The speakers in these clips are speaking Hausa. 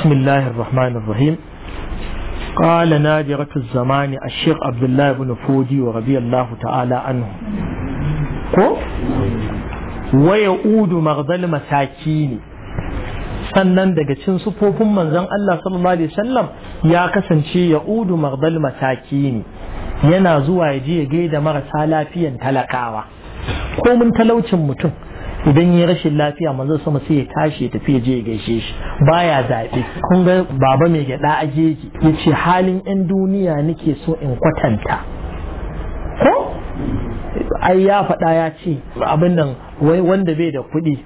بسم الله الرحمن الرحيم قال نادرة الزمان الشيخ عبد الله بن فودي ورضي الله تعالى عنه ويعود مغض المساكين sannan daga cin sufofin manzon Allah sallallahu alaihi wasallam ya kasance ya udu maghdal ne, yana zuwa ya je ya gaida marasa lafiyan talakawa ko mun talaucin mutum idan yi rashin lafiya manzo sama sai ya tashi ya tafi je ya gaishe shi baya zaɓe kun ga baba mai gyaɗa a jeji ya ce halin 'yan duniya nake so in kwatanta ko ai ya faɗa ya ce abin nan wai wanda bai da kuɗi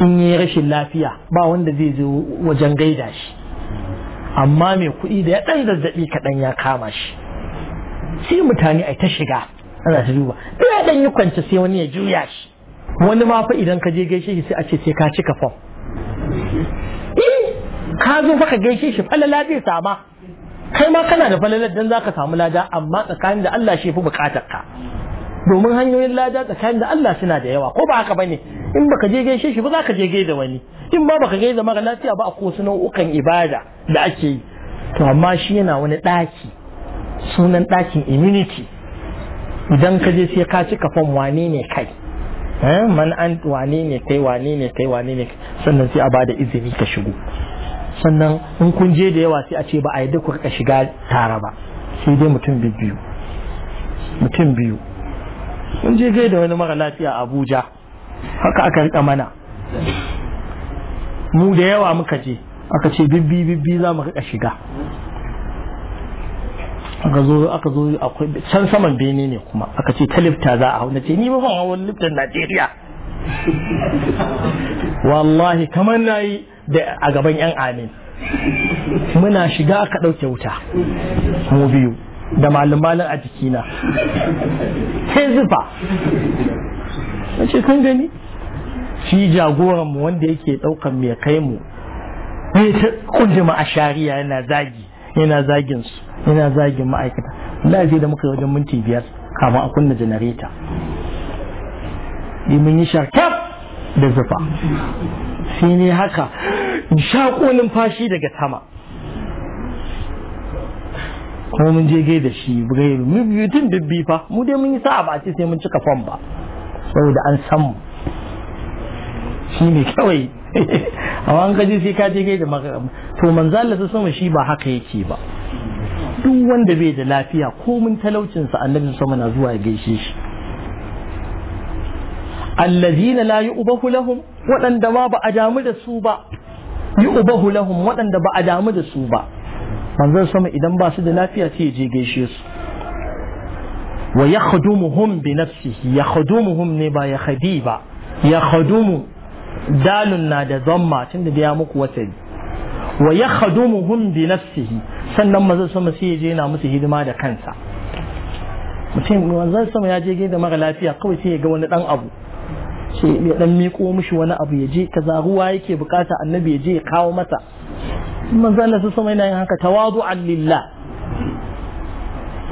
in yi rashin lafiya ba wanda zai zo wajen gaida shi amma mai kuɗi da ya ɗan zazzaɓi kaɗan ya kama shi sai mutane ai ta shiga ana ta duba ɗaya ya ɗan yi kwance sai wani ya juya shi wani ma fa idan ka je gaishe shi sai a ce sai ka cika fom eh, ka zo fa ka gaishe shi falala zai sama kai ma kana da falalar dan zaka samu lada amma tsakanin da Allah shi fi bukatar ka domin hanyoyin lada tsakanin da Allah suna da yawa ko ba haka bane in baka je gaishe shi ba zaka je gaida wani in ba baka gaida mara lafiya ba akwai wasu nau'ukan ibada da ake yi to amma shi yana wani daki sunan dakin immunity idan ka je sai ka cika fom wane ne kai Eh, man an wane ne kai wane ne kai wane ne sannan sai a bada izini ka shigo sannan in kun je da yawa sai a ce ba a yadda duk rika shiga tare ba sai dai mutum biyu mutum biyu kun je gai da wani mara lafiya a Abuja haka aka rika mana mu da yawa muka je aka ce bibbi bibbi za mu riƙa shiga aka zo aka zo akwai can saman bene ne kuma aka ce ta lifta za a hau na ce ni ba ban hawan liftan Najeriya wallahi kamar na yi da a gaban yan amin muna shiga aka ɗauke wuta mu biyu da malin-malin a jikina sai zufa na ce kan gani shi jagoranmu wanda yake ɗaukan mai kai mu ne ta kunjima a shari'a yana zagi yana zagin su yana zagin ma'aikata Allah da muka yi wajen minti biyar kafin a kunna janareta yi mun yi da zufa sai ne haka in shaƙo numfashi daga sama kuma mun je gai da shi bugai mu biyutun bibbi fa mu dai mun yi sa'a ba ce sai mun cika fom ba saboda an san mu shi ne kawai amma an kaji sai ka je kai da to manzo Allah sama shi ba haka yake ba duk wanda bai da lafiya ko mun talaucin sa annabi sama na zuwa ya gaishe shi allazina la yu'bahu lahum waɗanda ma ba a damu da su ba yu'bahu lahum wadanda ba a damu da su ba manzo sama idan ba su da lafiya sai ya je gaishe su wa yakhdumuhum bi nafsihi yakhdumuhum ne ba ya khadiba khadumu dalun na da zamma tun da biya muku wasari wa ya khadumuhum bi nafsihi sannan manzon sama sai je na musu hidima da kansa mutum manzon sama ya je da mara lafiya kawai sai ya ga wani dan abu sai ya dan miko mishi wani abu ya je kaza ruwa yake bukata annabi ya je ya kawo masa manzon Allah sama yana yin haka tawadu'an lillah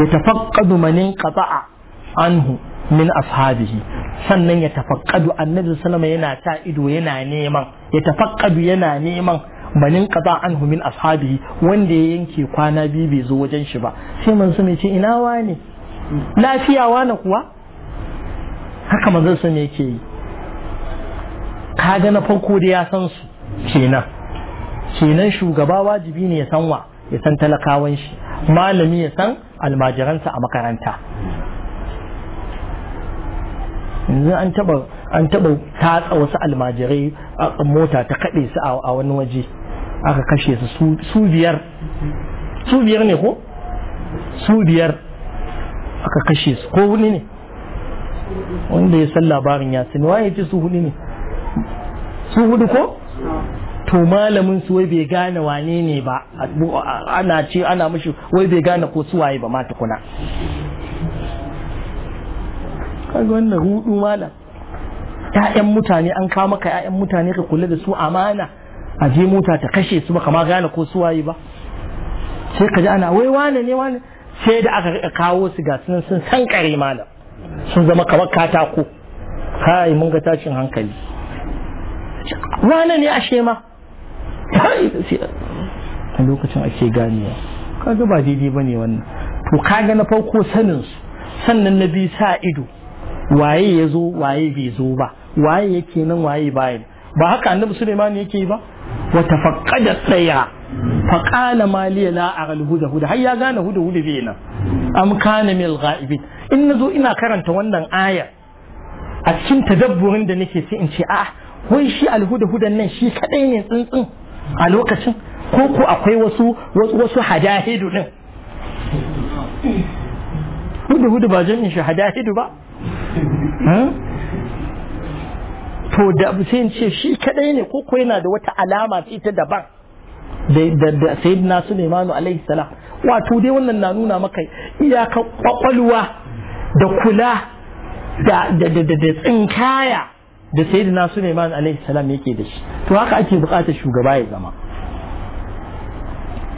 yatafaqqadu man inqata'a anhu min ashabihi sannan ya tafakkadu annabi sallama yana ta ido yana neman ya tafakkadu yana neman banin qada anhu min ashabi wanda ya yanke kwana biyu bai zo wajen shi ba sai manzo mai ce ina wane lafiya wane kuwa haka manzo sun yake yi kaga na farko da ya san su kenan kenan shugaba wajibi ne ya san wa ya san talakawan shi malami ya san almajiransa a makaranta yanzu an taba an taba tatsa wasu almajirai a mota ta kaɗe su a wani waje aka kashe su su biyar su biyar ne ko su biyar aka kashe su ko huni ne wanda ya san labarin ya sani waye ce su huni ne su hudu ko to malamin su wai bai gane wane ne ba ana ce ana mushi wai bai gane ko su waye ba ma tukuna kaga wannan hudu malam ƴaƴan mutane an kawo maka ƴaƴan mutane ka kula da su amana a je mota ta kashe su baka ma gane ko su waye ba sai ka ji ana wai wane ne wane sai da aka kawo su ga sun sun san kare malam sun zama kamar katako kai mun ga tashin hankali wane ne ashe ma a lokacin ake ganewa kaga ba daidai bane wannan to kaga na farko sanin su sannan na biyu sa ido waye ya zo waye bai zo ba waye yake nan waye bayan ba haka annabi Sulaiman yake ba wa tafaqqada tsaya fa qala la aral huda huda har ya gane huda huda bai nan am kana mil ghaibin in nazo ina karanta wannan aya a cikin tadabburin da nake sai in ce a wai shi alhuda hudan nan shi kadai ne tsuntsun a lokacin ko ko akwai wasu wasu hadahidu din hudu hudu ba jami'in shi hadahidu ba to da sai in ce shi kadai ne ko ko yana da wata alama sai ta daban da da sayyidina Sulaimanu alaihi salam wato dai wannan na nuna maka iyaka kwakwalwa da kula da da da da tsinkaya da sayyidina sulaimanu alaihi salam yake da shi to haka ake bukatar shugaba ya zama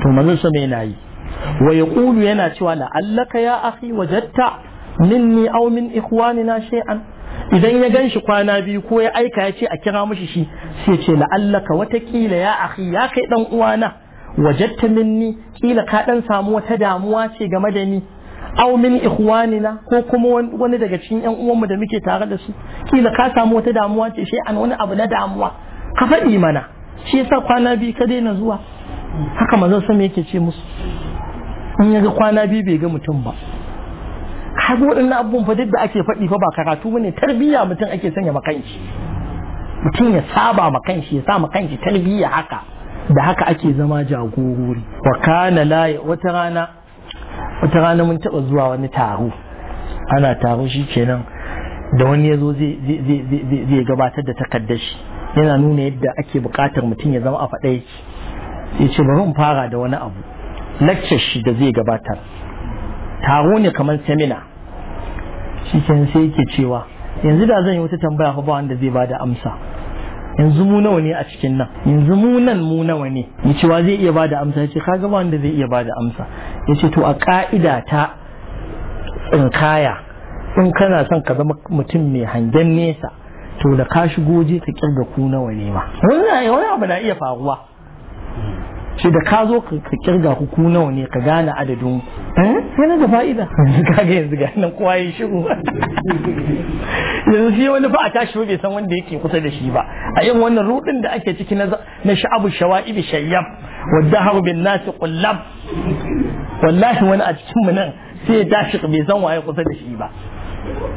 to manzon sa yana yi wa yaqulu yana cewa la'allaka ya akhi wajadta minni aw min ikhwanina shay'an idan ya ganshi kwana biyu ko ya aika ya ce a kira mushi shi sai ce la'allaka watakila ya akhi ya kai dan uwana wajatta minni kila ka dan samu wata damuwa ce game da ni aw min ikhwanina ko kuma wani daga cikin yan uwanmu da muke tare da su kila ka samu wata damuwa ce shi an wani abu na damuwa ka faɗi mana shi yasa kwana biyu ka daina zuwa haka manzon sama yake ce musu in ya ga kwana biyu bai ga mutum ba har waɗannan abubuwan fa duk da ake faɗi fa ba karatu bane tarbiyya mutum ake sanya makanci mutum ya saba makanshi ya sa makanshi tarbiyya haka da haka ake zama jagorori wa kana la wata rana wata rana mun taɓa zuwa wani taro ana taro shi kenan da wani ya zo zai gabatar da takardar shi yana nuna yadda ake buƙatar mutum ya zama a faɗa yake sai ce bari in fara da wani abu lecture shi da zai gabatar taro ne kamar seminar shi sai yake cewa yanzu da zan yi wata tambaya ba wanda zai bada amsa yanzu mu nawa ne a cikin nan yanzu mu nan mu nawa ne ni cewa zai iya da amsa ya ce kaga ba wanda zai iya bada amsa ya ce to a ka'ida ta tsinkaya in kana son ka zama mutum mai hangen nesa to da ka shigo je ka kirga ku nawa ne ma wani abu na iya faruwa shi da ka zo ka kirga ku ku nawa ne ka gane adadin ku hmm? sai da fa'ida kaga yanzu ga nan kowa ya shiru yanzu shi wani fa a tashi bai san wanda yake kusa da shi ba a yin wannan rudin da ake ciki na sha'abu shawa'ibi shayyab wadda haru bin nasi kullab wallahi wani a cikin mu nan sai ya tashi bai san waye kusa da shi ba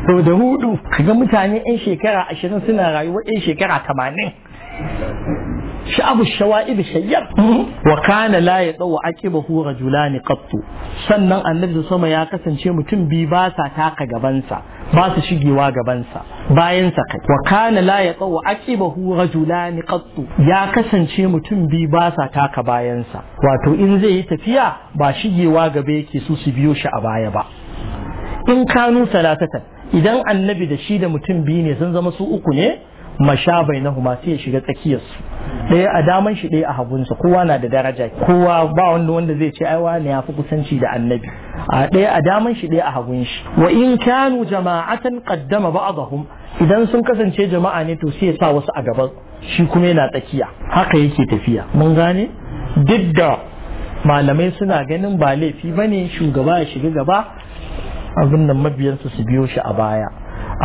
to da hudu kaga mutane yan shekara ashirin suna rayuwa yan shekara tamanin sha'abu shawa'ib shayyar wa kana la yadaw aqibahu rajulan qattu sannan annabi sama ya kasance mutum bi ba sa taka gabansa ba su shigewa gabansa bayansa kai wa kana la yadaw aqibahu rajulan qattu ya kasance mutum bi ba sa taka bayansa wato in zai yi tafiya ba shigewa gaba yake su su biyo shi a baya ba in kanu talatatan idan annabi da shi da mutum biyu ne sun zama su uku ne masha bainahuma sai ya shiga tsakiyarsu ɗaya a daman shi ɗaya a hagunsa kowa na da daraja kowa ba wanda wanda zai ce ne ya fi kusanci da annabi a ɗaya a daman shi ɗaya a hagun shi wa in kanu jama'atan qaddama ba'dahum idan sun kasance jama'a ne to sai ya sa wasu a gaban shi kuma yana tsakiya haka yake tafiya mun gane duk da malamai suna ganin ba laifi bane shugaba ya shiga gaba abin nan mabiyansu su biyo shi a baya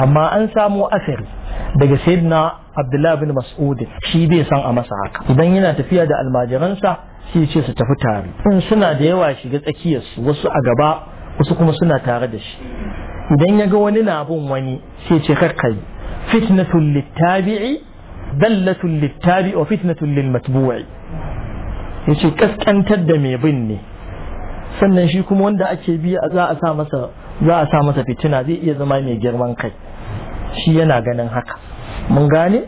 amma an samu asiri daga sayyidina abdullahi bin mas'ud shi bai san a masa haka idan yana tafiya da almajiransa sai ce su tafi tare in suna da yawa shiga tsakiyarsu wasu a gaba wasu kuma suna tare da shi idan ya ga wani na bin wani sai ce karkai fitnatul littabi'i dallatul littabi'i wa fitnatul lilmatbu'i yace kaskantar da mai bin ne sannan shi kuma wanda ake bi za a sa masa za a sa masa fitina zai iya zama mai girman kai shi yana ganin haka mun gane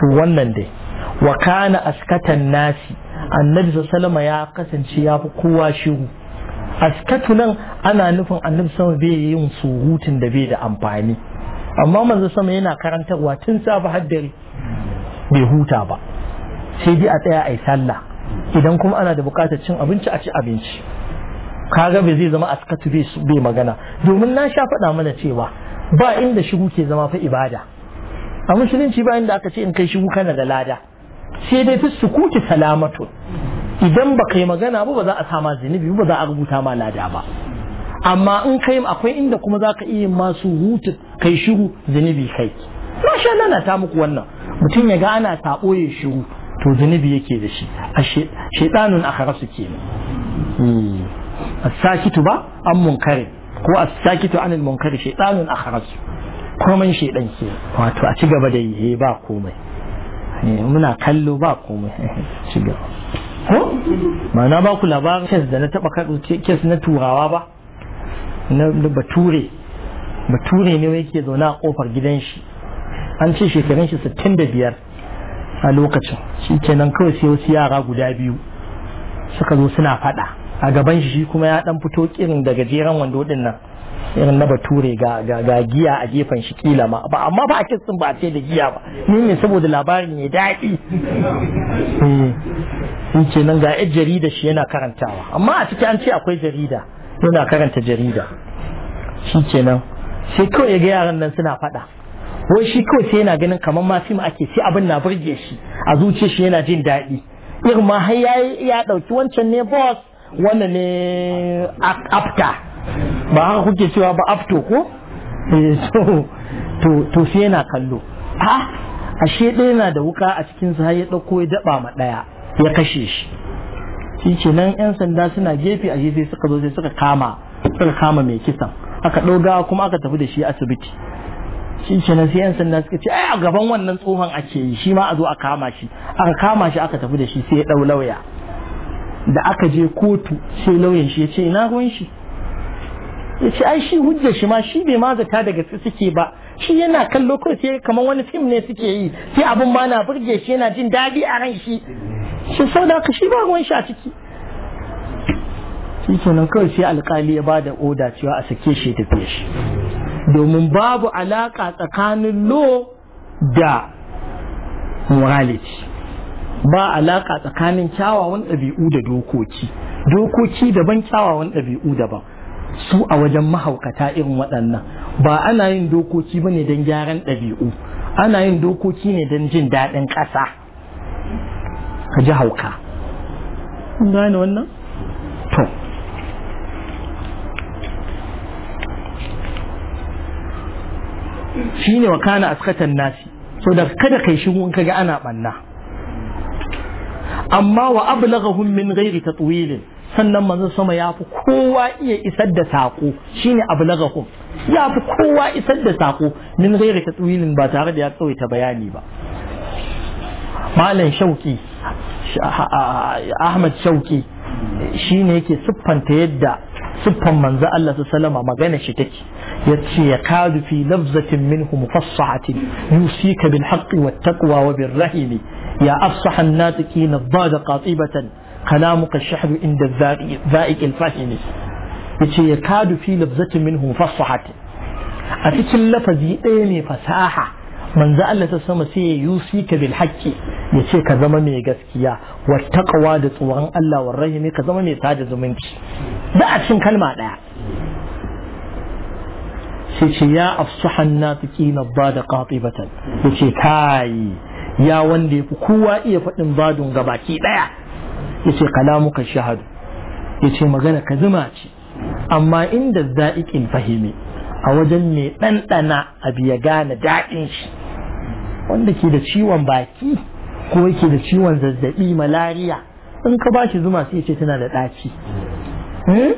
to wannan dai wa kana askatan nasi annabi sallama ya kasance ya fi kowa shiru askatu nan ana nufin annabi sama bai yin surutun da bai da amfani amma manzo sama yana karantarwa tun safa haddare bai huta ba sai dai a tsaya a sallah idan kuma ana da bukatar cin abinci a ci abinci kaga bai zai zama askatu bai magana domin na sha faɗa mana cewa ba inda shigu ke zama fa ibada a musulunci ba inda aka ce in kai shigu kana da lada sai dai fi sukuti salamatu idan ba kai magana ba ba za a sama zinubi ba za a rubuta ma lada ba amma in kai akwai inda kuma za ka iya masu hutu kai shiru zinubi kai masha Allah na ta muku wannan mutum ya ga ana tabo ya shiru to zinubi yake da shi a shaitanun ke nan hmm. a sakitu ba an munkare ko a to anil munkari a akhraj komai shaydan ke wato a ci da yi eh, ba komai eh, muna kallo ba komai ci gaba ko ma'ana ba ku labarin kes da na taba kes na turawa ba na bature bature ne yake zaune a ƙofar gidan shi an ce shekarun shi biyar a lokacin shi kenan kawai sai wasu yara guda biyu suka zo suna faɗa. a gaban shi kuma ya dan fito irin da gajeren wando din nan irin na bature ga ga giya a gefen shi kila ma ba amma ba a kitsin ba a ce da giya ba ni ne saboda labarin ya daɗi eh ce nan ga yar jarida shi yana karantawa amma a ciki an ce akwai jarida yana karanta jarida shi kenan sai kawai ya ga yaran nan suna faɗa wai shi kawai sai yana ganin kamar ma fim ake sai abin na burge shi a zuciya shi yana jin daɗi irin ma har ya ɗauki wancan ne boss wannan ne afta ba haka kuke cewa ba afto ko eh, to sai yana kallo a ashe ɗaya na da wuka a cikin sa har ya ɗauko ya daba ma ɗaya ya kashe shi shi ce nan yan sanda suna gefe a sai suka zo sai suka kama suka kama mai kisan aka ɗauga kuma aka tafi da shi asibiti shi ce nan sai yan sanda suka ce ai a gaban wannan tsohon ake yi shi ma a zo a kama shi aka kama shi aka tafi da shi sai ya ɗau lauya da aka je kotu sai lauyan shi ya ce ina ruwan shi ya ce ai shi hujjar shi ma shi bai mazata daga gaske suke ba shi yana kan lokacin sai kamar wani fim ne suke yi sai abin ma na burge shi yana jin daɗi a ran shi shi sau da shi ba ruwan shi a ciki shi kenan kawai sai alkali ya bada oda cewa a sake shi fiye shi domin babu alaƙa tsakanin lo da morality ba alaka tsakanin kyawawan ɗabi'u da dokoki dokoki daban kyawawan ɗabi'u daban su a wajen mahaukata irin waɗannan ba ana yin dokoki ba ne don gyaran ɗabi'u ana yin dokoki ne don jin daɗin ƙasa ka ji hauka gane wannan to shi ne wa kana askatan nasi so da kada kai shigo in kaga ana ɓanna amma wa ablaghahum min ghairi tatwil sannan manzon sama ya fi kowa iya isar da sako shine ablaghahum ya fi kowa isar da sako min ghairi tatwil ba tare da ya tsawaita bayani ba malam shauki ahmad shauki shine yake siffanta yadda siffan manzo Allah su salama magana shi take yace ya kadu fi lafzatin minhu mufassahatin yusika bil haqqi wat taqwa wa bir rahimi يا أفصح الناطقين الضاد قاطبة كلامك الشحر عند inda الفاهم yace ya kadu fi labzatin minhu fasahat a cikin lafazi ɗaya ne fasaha manzo Allah ta sama sai ya yusi ka bil haqqi yace ka zama mai gaskiya wa taqwa da tsoron Allah wa rahimi ka zama mai sada zumunci da a kalma ɗaya sai ce ya afsahan natiqina bada qatibatan yace kai ya wanda ya fi kowa iya faɗin badun ga baki ɗaya ya ce kalamuka shahadu ya ce magana ka zuma ce amma inda za'iƙin fahimi a wajen mai ɗanɗana abu ya gane daɗin shi wanda ke da ciwon baki ko yake da ciwon zazzaɓi malariya in ka ba shi zuma sai ce tana da ɗaci hmm?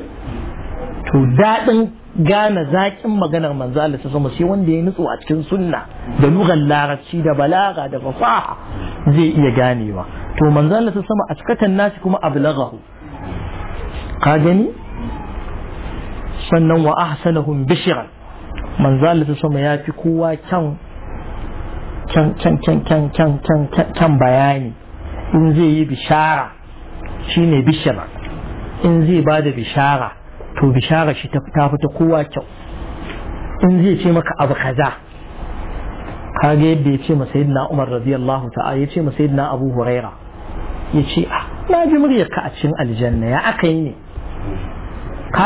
to daɗin gane zaƙin maganar manzo Allah ta sama sai wanda ya nutsu a cikin sunna da lugar larabci da balaga da fasaha zai iya ganewa to manzo Allah ta sama a cikatan kuma ablaghahu ka gani sannan wa ahsanahum bishran manzo Allah ta sama ya fi kowa kyan kyan kyan kyan kyan kyan kyan bayani in zai yi bishara shine bishara in zai bada bishara to bishara shi ta fita kowa kyau in zai ce maka abu kaza Ka ga yadda ya ce ma sayyidina Umar radiyallahu ta'ala ya ce ma sayyidina Abu Huraira ya ce ah na ji ka a cikin aljanna ya aka yi ne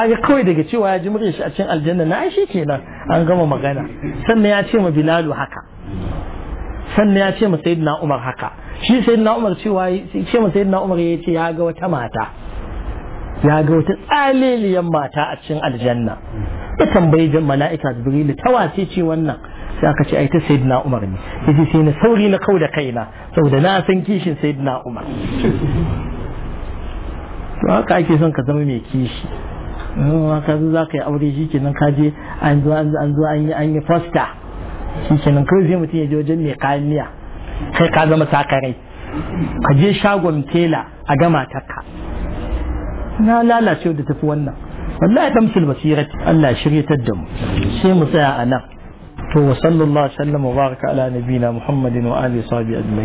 ga kawai daga cewa ya ji muryar shi a cikin aljanna na ai kenan an gama magana sannan ya ce ma Bilalu haka sannan ya ce ma sayyidina Umar haka shi sayyidina Umar cewa ce ma Umar ya ce ya ga wata mata ya ga wata tsaliliyan mata a cikin aljanna ya tambayi jan mala'ika jibrilu ta wace ce wannan sai aka ce ai ta sayyidina umar ne yace sai na sauri na kauda kaina saboda na san kishin sayyidina umar to haka ake son ka zama mai kishi ka zo za ka yi aure shi kenan ka an zo an zo an yi an yi fosta shi kenan kawai sai mutum ya je wajen mai kayan kai ka zama sakarai ka je shagon tela a gama takka. na lalacewa da tafi wannan wallahi damsul basirat Allah shiryatar da mu sai mu tsaya a nan to wa sallallahu alaihi wa sallam baraka ala nabiyina muhammadin wa alihi sahbihi